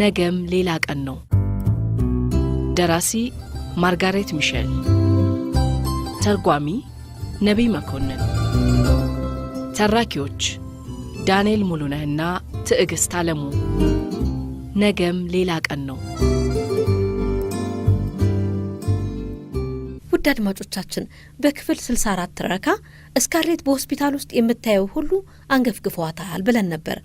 ነገም ሌላ ቀን ነው። ደራሲ ማርጋሬት ሚሸል ተርጓሚ ነቢይ መኮንን፣ ተራኪዎች ዳንኤል ሙሉነህና ትዕግሥት አለሙ። ነገም ሌላ ቀን ነው። ውድ አድማጮቻችን በክፍል 64 ትረካ እስካርሌት በሆስፒታል ውስጥ የምታየው ሁሉ አንገፍግፏታል ብለን ነበር።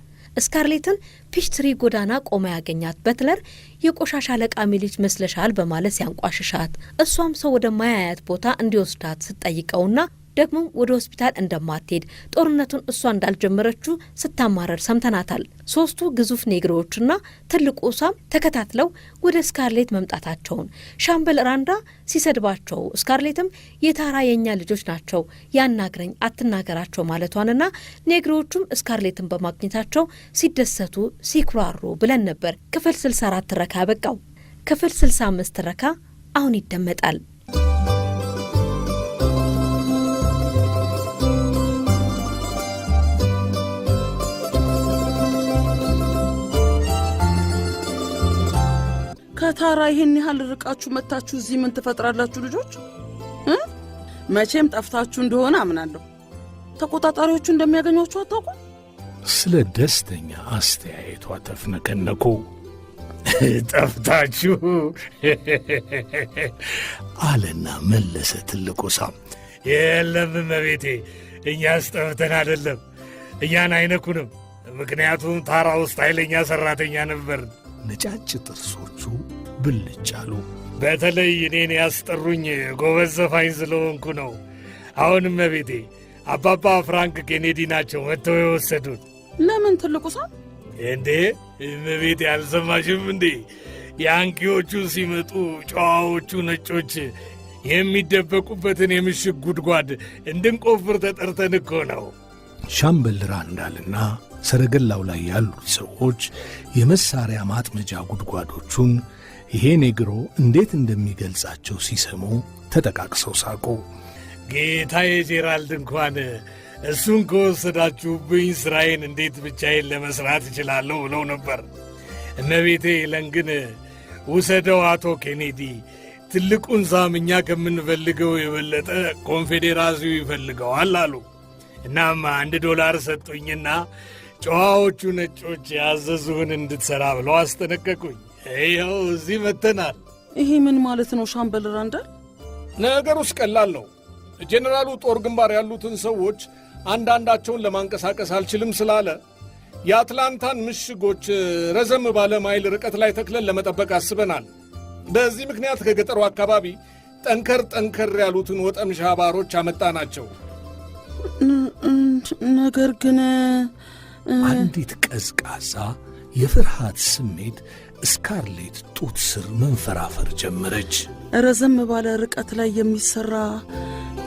ስካርሌትን ፒችትሪ ጎዳና ቆማ ያገኛት በትለር የቆሻሻ ለቃሚ ልጅ መስለሻል በማለት ሲያንቋሽሻት እሷም ሰው ወደማያያት ቦታ እንዲወስዳት ስትጠይቀውና ደግሞ ወደ ሆስፒታል እንደማትሄድ ጦርነቱን እሷ እንዳልጀመረችው ስታማረር ሰምተናታል። ሶስቱ ግዙፍ ኔግሮዎችና ትልቁ ሳም ተከታትለው ወደ ስካርሌት መምጣታቸውን ሻምበል ራንዳ ሲሰድባቸው ስካርሌትም የታራ የእኛ ልጆች ናቸው ያናግረኝ አትናገራቸው ማለቷንና ኔግሮዎቹም ስካርሌትን በማግኘታቸው ሲደሰቱ ሲኩራሩ ብለን ነበር። ክፍል 64 ትረካ ያበቃው። ክፍል 65 ትረካ አሁን ይደመጣል። ታራ ይሄን ያህል ርቃችሁ መታችሁ እዚህ ምን ትፈጥራላችሁ? ልጆች መቼም ጠፍታችሁ እንደሆነ አምናለሁ። ተቆጣጣሪዎቹ እንደሚያገኟችሁ አታውቁም። ስለ ደስተኛ አስተያየቷ ተፍነከነኩ። ጠፍታችሁ አለና መለሰ ትልቁ ሳም። የለም መቤቴ፣ እኛስ ጠፍተን አይደለም። እኛን አይነኩንም። ምክንያቱም ታራ ውስጥ ኃይለኛ ሠራተኛ ነበር። ነጫጭ ጥርሶቹ ብልጭ አሉ። በተለይ እኔን ያስጠሩኝ ጎበዝ ዘፋኝ ስለሆንኩ ነው። አሁንም መቤቴ አባባ ፍራንክ ኬኔዲ ናቸው መጥተው የወሰዱት ለምን ትልቁ ሰው እንዴ? እመቤቴ አልሰማሽም እንዴ? ያንኪዎቹ ሲመጡ ጨዋዎቹ ነጮች የሚደበቁበትን የምሽግ ጉድጓድ እንድንቆፍር ተጠርተን እኮ ነው። ሻምበል ራንዳልና ሰረገላው ላይ ያሉት ሰዎች የመሳሪያ ማጥመጃ ጉድጓዶቹን ይሄ ኔግሮ እንዴት እንደሚገልጻቸው ሲሰሙ ተጠቃቅሰው ሳቁ። ጌታዬ ጄራልድ እንኳን እሱን ከወሰዳችሁብኝ ሥራዬን እንዴት ብቻዬን ለመሥራት እችላለሁ ብለው ነበር። እመቤቴ ሄለን ግን ውሰደው አቶ ኬኔዲ ትልቁን ዛም ከምንፈልገው የበለጠ ኮንፌዴራሲው ይፈልገዋል አሉ። እናም አንድ ዶላር ሰጡኝና ጨዋዎቹ ነጮች ያዘዙህን እንድትሠራ ብለው አስጠነቀቁኝ። ይኸው እዚህ መጥተናል። ይሄ ምን ማለት ነው ሻምበል ራንዳል? ነገር ውስጥ ቀላል ነው። ጄኔራሉ ጦር ግንባር ያሉትን ሰዎች አንዳንዳቸውን ለማንቀሳቀስ አልችልም ስላለ የአትላንታን ምሽጎች ረዘም ባለ ማይል ርቀት ላይ ተክለን ለመጠበቅ አስበናል። በዚህ ምክንያት ከገጠሩ አካባቢ ጠንከር ጠንከር ያሉትን ወጠምሻ ባሮች ናቸው። ነገር ግን አንዲት ቀዝቃዛ የፍርሃት ስሜት ስካርሌት ጡት ስር መንፈራፈር ጀመረች። ረዘም ባለ ርቀት ላይ የሚሰራ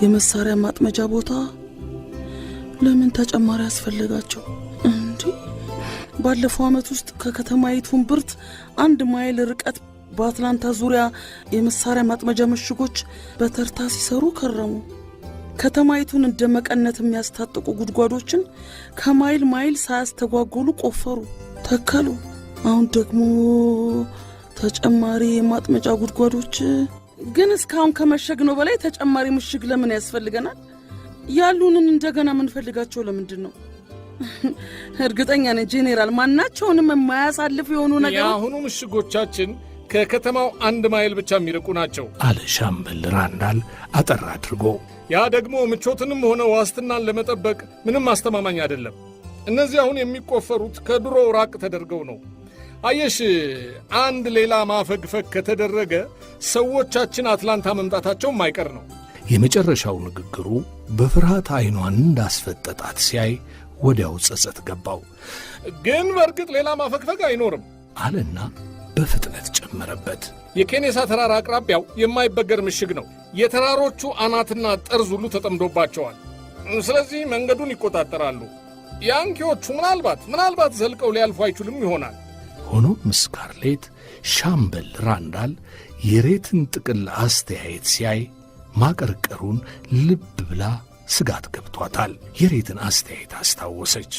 የመሳሪያ ማጥመጃ ቦታ ለምን ተጨማሪ ያስፈልጋቸው? እንዲህ ባለፈው ዓመት ውስጥ ከከተማይቱ ብርት አንድ ማይል ርቀት በአትላንታ ዙሪያ የመሳሪያ ማጥመጃ ምሽጎች በተርታ ሲሰሩ ከረሙ። ከተማይቱን እንደ መቀነት የሚያስታጥቁ ጉድጓዶችን ከማይል ማይል ሳያስተጓጎሉ ቆፈሩ፣ ተከሉ። አሁን ደግሞ ተጨማሪ የማጥመጫ ጉድጓዶች። ግን እስካሁን ከመሸግነው በላይ ተጨማሪ ምሽግ ለምን ያስፈልገናል? ያሉንን እንደገና የምንፈልጋቸው ለምንድን ነው? እርግጠኛ ነኝ ጄኔራል፣ ማናቸውንም የማያሳልፍ የሆኑ ነገር የአሁኑ ምሽጎቻችን ከከተማው አንድ ማይል ብቻ የሚርቁ ናቸው አለ ሻምበል ራንዳል አጠር አድርጎ። ያ ደግሞ ምቾትንም ሆነ ዋስትናን ለመጠበቅ ምንም አስተማማኝ አይደለም። እነዚህ አሁን የሚቆፈሩት ከድሮ ራቅ ተደርገው ነው። አየሽ፣ አንድ ሌላ ማፈግፈግ ከተደረገ ሰዎቻችን አትላንታ መምጣታቸው ማይቀር ነው። የመጨረሻው ንግግሩ በፍርሃት ዐይኗን እንዳስፈጠጣት ሲያይ ወዲያው ጸጸት ገባው። ግን በእርግጥ ሌላ ማፈግፈግ አይኖርም አለና በፍጥነት ጨመረበት። የኬኔሳ ተራራ አቅራቢያው የማይበገር ምሽግ ነው። የተራሮቹ አናትና ጠርዝ ሁሉ ተጠምዶባቸዋል። ስለዚህ መንገዱን ይቆጣጠራሉ። የአንኪዎቹ ምናልባት ምናልባት ዘልቀው ሊያልፉ አይችሉም ይሆናል። ሆኖም ስካርሌት ሻምበል ራንዳል የሬትን ጥቅል አስተያየት ሲያይ ማቀርቀሩን ልብ ብላ ስጋት ገብቷታል። የሬትን አስተያየት አስታወሰች።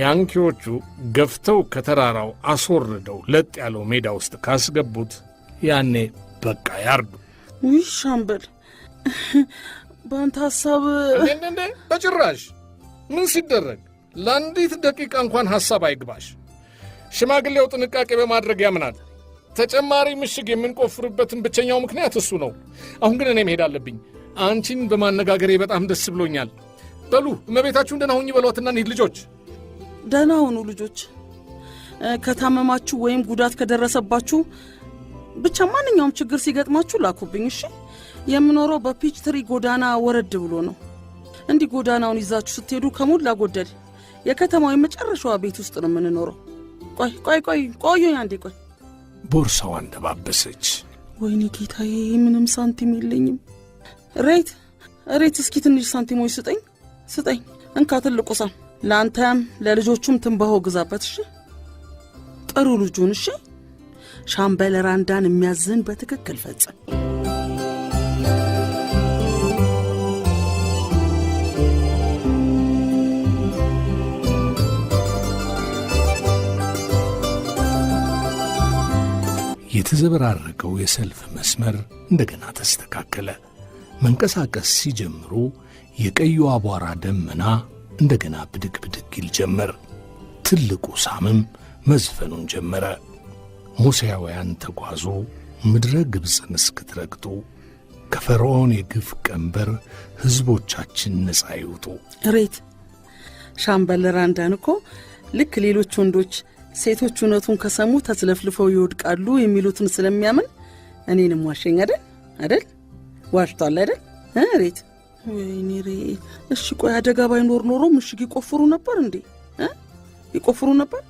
ያንኪዎቹ ገፍተው ከተራራው አስወርደው ለጥ ያለው ሜዳ ውስጥ ካስገቡት ያኔ በቃ ያርዱ። ውይ ሻምበል፣ በአንተ ሐሳብ እንዴ? በጭራሽ ምን ሲደረግ ለአንዲት ደቂቃ እንኳን ሐሳብ አይግባሽ። ሽማግሌው ጥንቃቄ በማድረግ ያምናል። ተጨማሪ ምሽግ የምንቆፍርበትን ብቸኛው ምክንያት እሱ ነው። አሁን ግን እኔ መሄድ አለብኝ። አንቺን በማነጋገሬ በጣም ደስ ብሎኛል። በሉ እመቤታችሁ ደህና ሁኚ በሏትና እንሂድ ልጆች። ደህና ሁኑ ልጆች። ከታመማችሁ ወይም ጉዳት ከደረሰባችሁ ብቻ ማንኛውም ችግር ሲገጥማችሁ ላኩብኝ። እሺ። የምኖረው በፒች ትሪ ጎዳና ወረድ ብሎ ነው። እንዲህ ጎዳናውን ይዛችሁ ስትሄዱ ከሞላ ጎደል የከተማው የመጨረሻዋ ቤት ውስጥ ነው የምንኖረው። ቆይ ቆይ ቆይ ቆዩኝ አንዴ ቆይ። ቦርሳዋን ተባበሰች። ወይኔ ጌታዬ፣ ምንም ሳንቲም የለኝም። ሬት ሬት፣ እስኪ ትንሽ ሳንቲሞች ስጠኝ ስጠኝ። እንካ ትልቁ ሳም ለአንተም ለልጆቹም ትንባሆ ግዛበት። እሺ፣ ጥሩ ልጁን። እሺ፣ ሻምበል ራንዳን የሚያዝን በትክክል ፈጽም። የተዘበራረቀው የሰልፍ መስመር እንደገና ተስተካከለ። መንቀሳቀስ ሲጀምሩ የቀዩ አቧራ ደመና እንደገና ብድግ ብድግ ይል ጀመር። ትልቁ ሳምም መዝፈኑን ጀመረ። ሙሴያውያን ተጓዙ፣ ምድረ ግብፅን እስክትረግጡ ከፈርዖን የግፍ ቀንበር ሕዝቦቻችን ነፃ ይውጡ። እሬት ሻምበል ራንዳን እኮ ልክ ሌሎች ወንዶች ሴቶች እውነቱን ከሰሙ ተስለፍልፈው ይወድቃሉ የሚሉትን ስለሚያምን እኔንም ዋሸኝ አደል አደል ዋሽቷል አደል እሬት ወይኔሬ እሺ ቆይ አደጋ ባይኖር ኖሮ ምሽግ ይቆፍሩ ነበር እንዴ ይቆፍሩ ነበር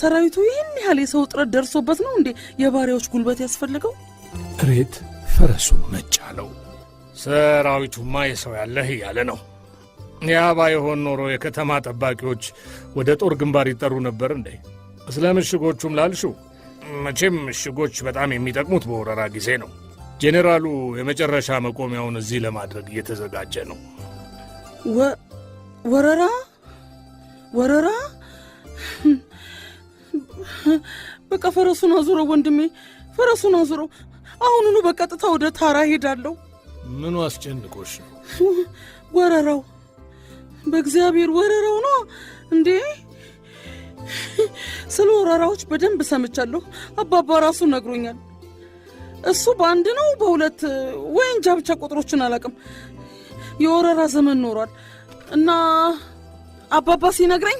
ሰራዊቱ ይህን ያህል የሰው እጥረት ደርሶበት ነው እንዴ የባሪያዎች ጉልበት ያስፈልገው እሬት ፈረሱ ነጭ አለው ሰራዊቱማ የሰው ያለህ እያለ ነው ያ ባይሆን ኖሮ የከተማ ጠባቂዎች ወደ ጦር ግንባር ይጠሩ ነበር እንዴ ስለ ምሽጎቹም ላልሹ መቼም ምሽጎች በጣም የሚጠቅሙት በወረራ ጊዜ ነው ጄኔራሉ የመጨረሻ መቆሚያውን እዚህ ለማድረግ እየተዘጋጀ ነው። ወረራ ወረራ! በቃ ፈረሱን አዙሮ ወንድሜ፣ ፈረሱን አዙሮ አሁኑኑ በቀጥታ ወደ ታራ ሄዳለሁ። ምኑ አስጨንቆሽ ነው? ወረራው፣ በእግዚአብሔር ወረራው ነው እንዴ! ስለ ወረራዎች በደንብ ሰምቻለሁ። አባባ ራሱ ነግሮኛል። እሱ በአንድ ነው በሁለት ወይ እንጃ፣ ብቻ ቁጥሮችን አላውቅም። የወረራ ዘመን ኖሯል እና አባባ ሲነግረኝ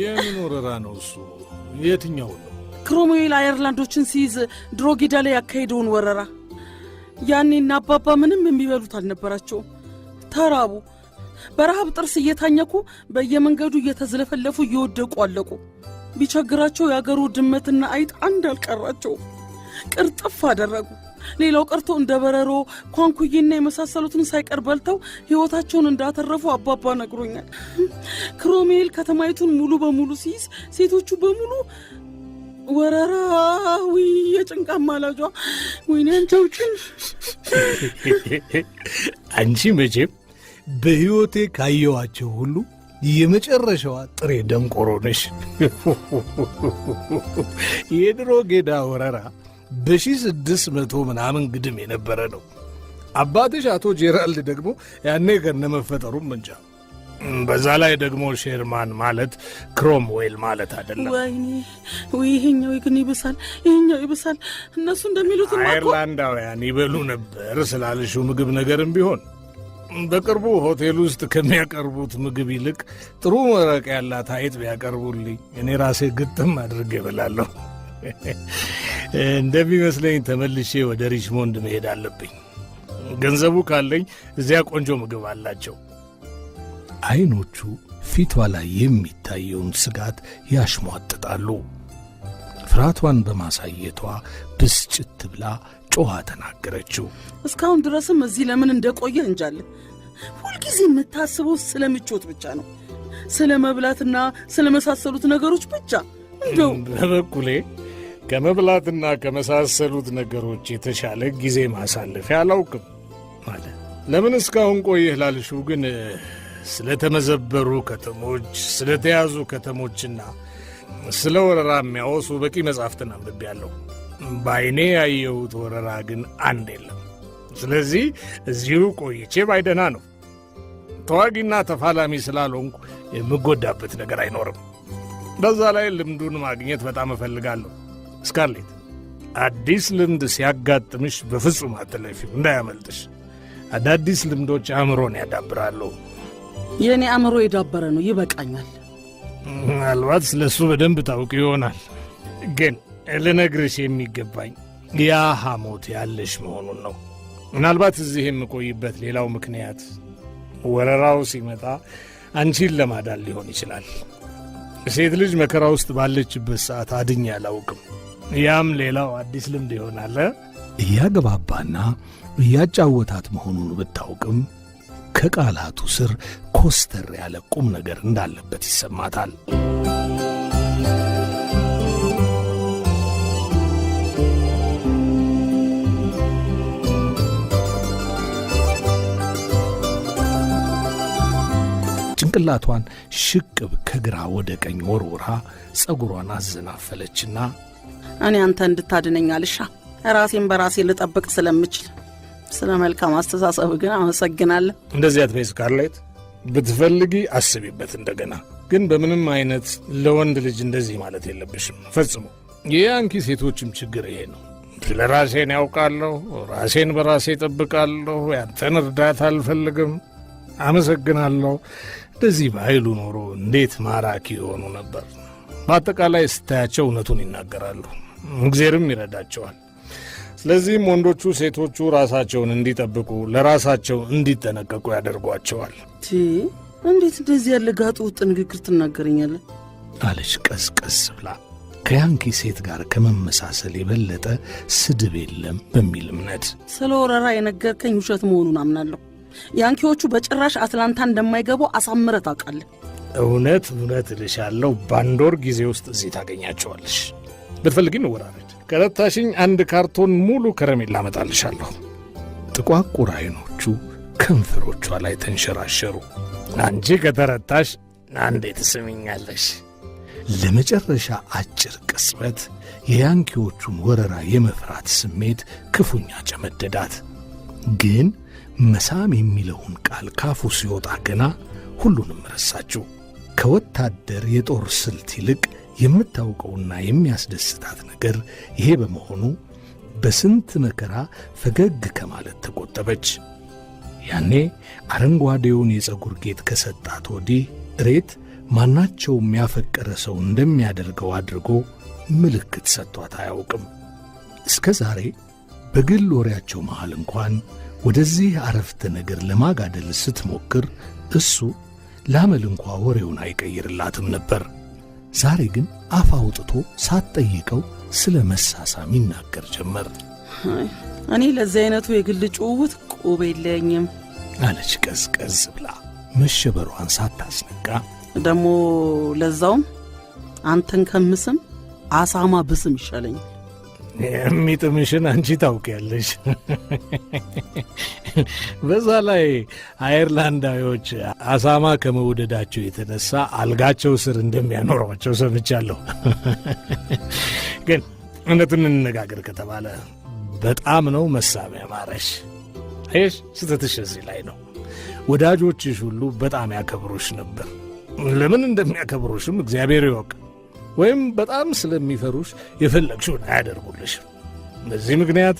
የምን ወረራ ነው እሱ? የትኛው ነው? ክሮምዌል አየርላንዶችን ሲይዝ ድሮ ጌዳ ላይ ያካሄደውን ወረራ። ያኔና አባባ ምንም የሚበሉት አልነበራቸውም። ተራቡ። በረሃብ ጥርስ እየታኘኩ በየመንገዱ እየተዝለፈለፉ እየወደቁ አለቁ። ቢቸግራቸው የአገሩ ድመትና አይጥ አንድ አልቀራቸው ቅርጥፍ አደረጉ። ሌላው ቀርቶ እንደ በረሮ ኳንኩዬና የመሳሰሉትን ሳይቀር በልተው ህይወታቸውን እንዳተረፉ አባባ ነግሮኛል። ክሮሜል ከተማይቱን ሙሉ በሙሉ ሲይዝ ሴቶቹ በሙሉ ወረራዊ የጭንቃ ማላጇ ወይኔ፣ አንቸውችን አንቺ መቼም በሕይወቴ ካየዋቸው ሁሉ የመጨረሻዋ ጥሬ ደንቆሮ ነሽ። የድሮ ጌዳ ወረራ በ መቶ ምናምን ግድም የነበረ ነው። አባትሽ አቶ ጄራልድ ደግሞ ያኔ ከነመፈጠሩም እንጃ። በዛ ላይ ደግሞ ሼርማን ማለት ክሮምዌል ማለት አይደለም። ወይኔ ይሄኛው ግን ይብሳል፣ ይሄኛው ይብሳል። እነሱ እንደሚሉት አይርላንዳውያን ይበሉ ነበር ስላልሽው ምግብ ነገርም ቢሆን በቅርቡ ሆቴል ውስጥ ከሚያቀርቡት ምግብ ይልቅ ጥሩ መረቅ ያላት አይጥ ቢያቀርቡልኝ እኔ ራሴ ግጥም አድርጌ እበላለሁ። እንደሚመስለኝ ተመልሼ ወደ ሪችሞንድ መሄድ አለብኝ። ገንዘቡ ካለኝ እዚያ ቆንጆ ምግብ አላቸው። አይኖቹ ፊቷ ላይ የሚታየውን ስጋት ያሽሟጥጣሉ። ፍርሃቷን በማሳየቷ ብስጭት ብላ ጮኋ ተናገረችው። እስካሁን ድረስም እዚህ ለምን እንደቆየ እንጃለን። ሁልጊዜ የምታስበው ስለ ምቾት ብቻ ነው፣ ስለ መብላትና ስለ መሳሰሉት ነገሮች ብቻ። እንደው በበኩሌ ከመብላትና ከመሳሰሉት ነገሮች የተሻለ ጊዜ ማሳለፊያ አላውቅም አለ። ለምን እስካሁን ቆይህ ላልሹ ግን ስለተመዘበሩ ከተሞች፣ ስለተያዙ ከተሞችና ስለ ወረራ የሚያወሱ በቂ መጻሕፍትን አንብቤያለሁ። በዓይኔ ያየሁት ወረራ ግን አንድ የለም። ስለዚህ እዚሁ ቆይቼ ባይደና ነው። ተዋጊና ተፋላሚ ስላልሆንኩ የምጎዳበት ነገር አይኖርም። በዛ ላይ ልምዱን ማግኘት በጣም እፈልጋለሁ። ስካርሌት አዲስ ልምድ ሲያጋጥምሽ በፍጹም አትለፊው፣ እንዳያመልጥሽ። አዳዲስ ልምዶች አእምሮን ያዳብራሉ። የእኔ አእምሮ የዳበረ ነው፣ ይበቃኛል። ምናልባት ስለ እሱ በደንብ ታውቅ ይሆናል፣ ግን ልነግርሽ የሚገባኝ ያ ሐሞት ያለሽ መሆኑን ነው። ምናልባት እዚህ የምቆይበት ሌላው ምክንያት ወረራው ሲመጣ አንቺን ለማዳን ሊሆን ይችላል። ሴት ልጅ መከራ ውስጥ ባለችበት ሰዓት አድኜ አላውቅም። ያም ሌላው አዲስ ልምድ ይሆናል። እያገባባና እያጫወታት መሆኑን ብታውቅም ከቃላቱ ስር ኮስተር ያለ ቁም ነገር እንዳለበት ይሰማታል። ጭንቅላቷን ሽቅብ ከግራ ወደ ቀኝ ወርውራ ፀጉሯን አዘናፈለችና እኔ አንተ እንድታድነኝ አልሻ ራሴን በራሴ ልጠብቅ ስለምችል ስለ መልካም አስተሳሰብ ግን አመሰግናለሁ። እንደዚህ አትበይ ስካርሌት። ብትፈልጊ አስቢበት እንደገና። ግን በምንም አይነት ለወንድ ልጅ እንደዚህ ማለት የለብሽም ፈጽሞ። የያንኪ ሴቶችም ችግር ይሄ ነው። ስለ ራሴን ያውቃለሁ፣ ራሴን በራሴ ይጠብቃለሁ ያንተን እርዳታ አልፈልግም፣ አመሰግናለሁ። እንደዚህ በኃይሉ ኖሮ እንዴት ማራኪ የሆኑ ነበር። በአጠቃላይ ስታያቸው እውነቱን ይናገራሉ፣ እግዜርም ይረዳቸዋል። ስለዚህም ወንዶቹ ሴቶቹ ራሳቸውን እንዲጠብቁ ለራሳቸው እንዲጠነቀቁ ያደርጓቸዋል። እንዴት እንደዚህ ያለ ጋጥ ውጥ ንግግር ትናገረኛለህ አለች ቀስቀስ ብላ። ከያንኪ ሴት ጋር ከመመሳሰል የበለጠ ስድብ የለም በሚል እምነት ስለ ወረራ የነገርከኝ ውሸት መሆኑን አምናለሁ። ያንኪዎቹ በጭራሽ አትላንታ እንደማይገቡ አሳምረ ታውቃለህ። እውነት እውነት እልሻለሁ በአንድ ወር ጊዜ ውስጥ እዚህ ታገኛቸዋለሽ። ብትፈልጊ እንወራረድ። ከረታሽኝ አንድ ካርቶን ሙሉ ከረሜላ አመጣልሻለሁ። ጥቋቁር አይኖቹ ከንፈሮቿ ላይ ተንሸራሸሩ። አንቺ ከተረታሽ አንዴ ትስምኛለሽ። ለመጨረሻ አጭር ቅጽበት የያንኪዎቹን ወረራ የመፍራት ስሜት ክፉኛ ጨመደዳት። ግን መሳም የሚለውን ቃል ካፉ ሲወጣ ገና ሁሉንም ረሳችው። ከወታደር የጦር ስልት ይልቅ የምታውቀውና የሚያስደስታት ነገር ይሄ በመሆኑ በስንት መከራ ፈገግ ከማለት ተቆጠበች። ያኔ አረንጓዴውን የፀጉር ጌጥ ከሰጣት ወዲህ ሬት ማናቸውም ያፈቀረ ሰው እንደሚያደርገው አድርጎ ምልክት ሰጥቷት አያውቅም። እስከ ዛሬ በግል ወሬያቸው መሃል እንኳን ወደዚህ አረፍተ ነገር ለማጋደል ስትሞክር እሱ ላመል እንኳ ወሬውን አይቀይርላትም ነበር። ዛሬ ግን አፍ አውጥቶ ሳትጠይቀው ስለ መሳሳም ይናገር ጀመር። እኔ ለዚህ አይነቱ የግል ጭውውት ቁብ የለኝም አለች ቀዝቀዝ ብላ መሸበሯን ሳታስነቃ። ደግሞ ለዛውም አንተን ከምስም አሳማ ብስም ይሻለኛል። የሚጥምሽን አንቺ ታውቂያለሽ። በዛ ላይ አየርላንዳዊዎች አሳማ ከመውደዳቸው የተነሳ አልጋቸው ስር እንደሚያኖሯቸው ሰምቻለሁ። ግን እውነቱን እንነጋገር ከተባለ በጣም ነው መሳም ማረሽ። አየሽ፣ ስተትሽ እዚህ ላይ ነው። ወዳጆችሽ ሁሉ በጣም ያከብሩሽ ነበር። ለምን እንደሚያከብሩሽም እግዚአብሔር ይወቅ። ወይም በጣም ስለሚፈሩሽ የፈለግሽውን አያደርጉልሽ። በዚህ ምክንያት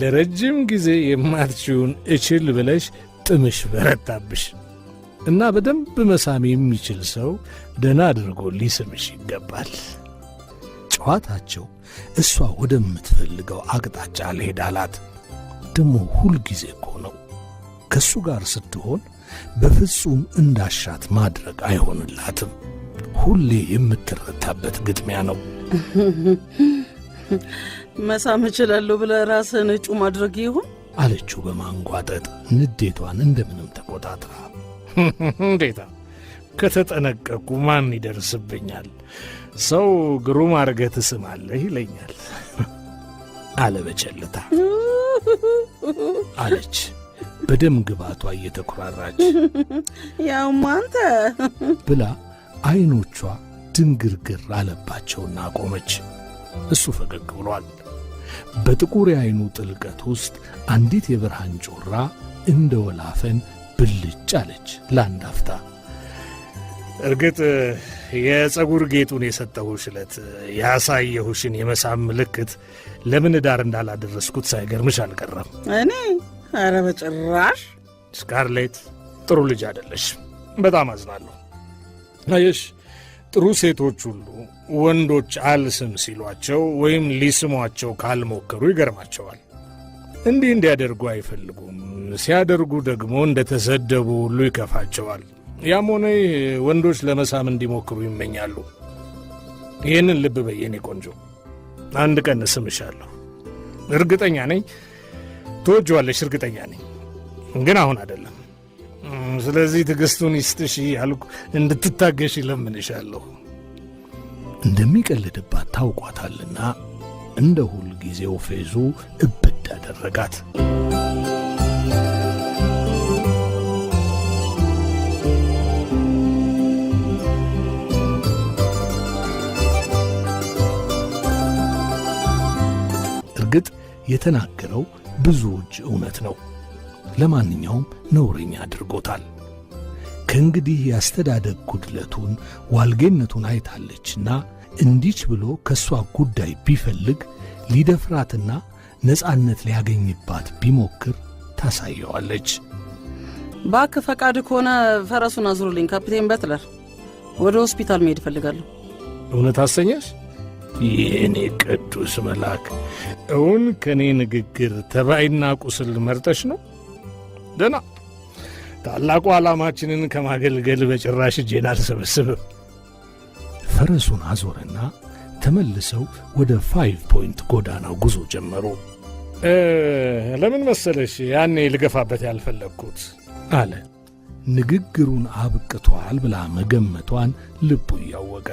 ለረጅም ጊዜ የማትችውን እችል ብለሽ ጥምሽ በረታብሽ እና በደንብ መሳም የሚችል ሰው ደና አድርጎ ሊስምሽ ይገባል። ጨዋታቸው እሷ ወደምትፈልገው አቅጣጫ ልሄዳላት ደሞ ሁል ጊዜ እኮ ነው ከእሱ ጋር ስትሆን በፍጹም እንዳሻት ማድረግ አይሆንላትም። ሁሌ የምትረታበት ግጥሚያ ነው። መሳም እችላለሁ ብለ ራስህን እጩ ማድረግ ይሆን አለችው በማንጓጠጥ ንዴቷን እንደምንም ተቆጣጥራ። እንዴታ ከተጠነቀቁ ማን ይደርስብኛል? ሰው ግሩም አድርገህ ትስማለህ ይለኛል አለ አለች በደም ግባቷ እየተኩራራች ያውም አንተ ብላ ዐይኖቿ ድንግርግር አለባቸውና ቆመች። እሱ ፈገግ ብሏል። በጥቁር የዐይኑ ጥልቀት ውስጥ አንዲት የብርሃን ጮራ እንደ ወላፈን ብልጭ አለች ለአንድ አፍታ። እርግጥ የፀጉር ጌጡን የሰጠሁሽ ዕለት ያሳየሁሽን የመሳም ምልክት ለምን ዳር እንዳላደረስኩት ሳይገርምሽ አልቀረም። እኔ ኧረ በጭራሽ ስካርሌት ጥሩ ልጅ አደለሽ። በጣም አዝናለሁ። አየሽ ጥሩ ሴቶች ሁሉ ወንዶች አልስም ሲሏቸው ወይም ሊስሟቸው ካልሞከሩ ይገርማቸዋል። እንዲህ እንዲያደርጉ አይፈልጉም። ሲያደርጉ ደግሞ ተሰደቡ ሁሉ ይከፋቸዋል። ያም ሆነ ይህ ወንዶች ለመሳም እንዲሞክሩ ይመኛሉ። ይህንን ልብ በየኔ ቆንጆ፣ አንድ ቀን እስምሻለሁ። እርግጠኛ ነኝ ትወጅዋለሽ፣ እርግጠኛ ነኝ። ግን አሁን አይደለም። ስለዚህ ትግስቱን ይስጥሽ ያልኩ እንድትታገሽ ይለምንሻለሁ። እንደሚቀልድባት ታውቋታልና እንደ ሁል ጊዜው ፌዙ እብድ አደረጋት። እርግጥ የተናገረው ብዙዎች እውነት ነው። ለማንኛውም ነውረኛ አድርጎታል። ከእንግዲህ ያስተዳደግ ጉድለቱን ዋልጌነቱን አይታለችና እንዲች ብሎ ከእሷ ጉዳይ ቢፈልግ ሊደፍራትና ነፃነት ሊያገኝባት ቢሞክር ታሳየዋለች። ባክ ፈቃድ ከሆነ ፈረሱን አዙሩልኝ ካፕቴን በትለር፣ ወደ ሆስፒታል መሄድ እፈልጋለሁ። እውነት አሰኘሽ? የእኔ ቅዱስ መልአክ፣ እውን ከእኔ ንግግር ተባይና ቁስል መርጠሽ ነው? ደና ታላቁ ዓላማችንን ከማገልገል በጭራሽ እጄን አልሰበስብም። ፈረሱን አዞረና ተመልሰው ወደ ፋይቭ ፖይንት ጎዳናው ጉዞ ጀመሩ። ለምን መሰለሽ ያኔ ልገፋበት ያልፈለግኩት አለ። ንግግሩን አብቅቷል ብላ መገመቷን ልቡ እያወቀ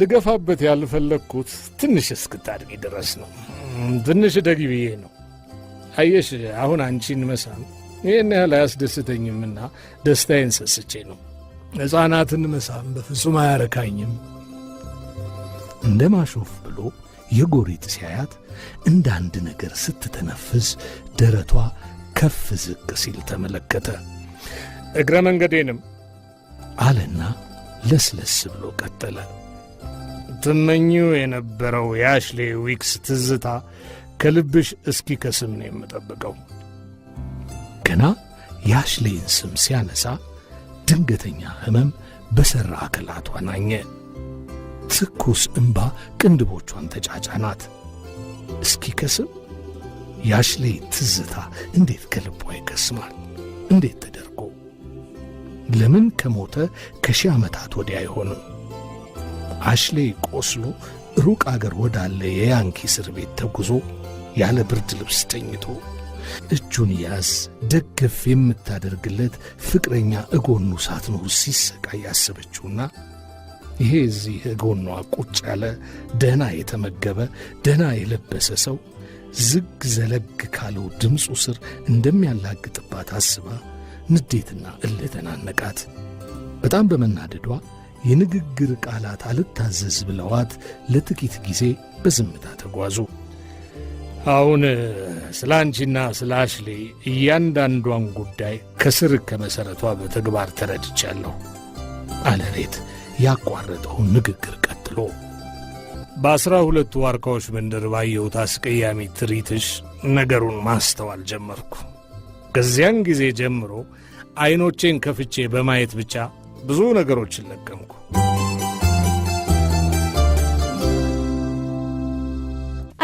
ልገፋበት ያልፈለግኩት ትንሽ እስክታድጊ ድረስ ነው። ትንሽ ደግ ብዬ ነው። አየሽ አሁን አንቺን መሳም ይህን ያህል አያስደስተኝምና ደስታዬን ሰስቼ ነው። ሕፃናትን መሳም በፍጹም አያረካኝም። እንደ ማሾፍ ብሎ የጎሪጥ ሲያያት እንደ አንድ ነገር ስትተነፍስ ደረቷ ከፍ ዝቅ ሲል ተመለከተ። እግረ መንገዴንም አለና ለስለስ ብሎ ቀጠለ። ትመኚው የነበረው የአሽሌ ዊክስ ትዝታ ከልብሽ እስኪ ከስም ነው የምጠብቀው። ገና የአሽሌይን ስም ሲያነሳ ድንገተኛ ህመም በሠራ አካላቷ ናኘ። ትኩስ እምባ ቅንድቦቿን ተጫጫናት። እስኪ ከስም የአሽሌይ ትዝታ እንዴት ከልቧ ይከስማል? እንዴት ተደርጎ? ለምን ከሞተ ከሺህ ዓመታት ወዲያ አይሆንም? አሽሌ ቆስሎ ሩቅ አገር ወዳለ የያንኪ እስር ቤት ተጉዞ ያለ ብርድ ልብስ ተኝቶ እጁን ያዝ ደገፍ የምታደርግለት ፍቅረኛ እጎኑ ሳትኖር ሲሰቃይ ያሰበችውና ይሄ እዚህ እጎኗ ቁጭ ያለ ደህና የተመገበ ደህና የለበሰ ሰው ዝግ ዘለግ ካለው ድምፁ ስር እንደሚያላግጥባት አስባ ንዴትና እልህ ተናነቃት። በጣም በመናደዷ የንግግር ቃላት አልታዘዝ ብለዋት ለጥቂት ጊዜ በዝምታ ተጓዙ። አሁን ስለ አንቺና ስለ አሽሌ እያንዳንዷን ጉዳይ ከስር ከመሠረቷ በተግባር ተረድቻለሁ አለ ሬት ያቋረጠውን ንግግር ቀጥሎ። በአስራ ሁለቱ ዋርካዎች መንደር ባየሁት አስቀያሚ ትርኢትሽ ነገሩን ማስተዋል ጀመርኩ። ከዚያን ጊዜ ጀምሮ ዐይኖቼን ከፍቼ በማየት ብቻ ብዙ ነገሮችን ለቀምኩ።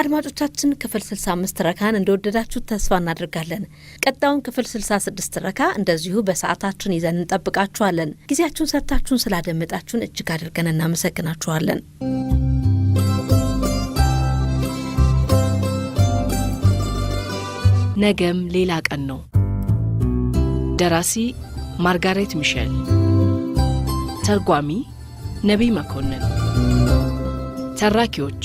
አድማጮቻችን ክፍል 65 ትረካን እንደወደዳችሁ ተስፋ እናደርጋለን። ቀጣዩን ክፍል 66 ትረካ እንደዚሁ በሰዓታችን ይዘን እንጠብቃችኋለን። ጊዜያችሁን ሰጥታችሁን ስላደመጣችሁን እጅግ አድርገን እናመሰግናችኋለን። ነገም ሌላ ቀን ነው። ደራሲ ማርጋሬት ሚሸል ተርጓሚ ነቢይ መኮንን፣ ተራኪዎች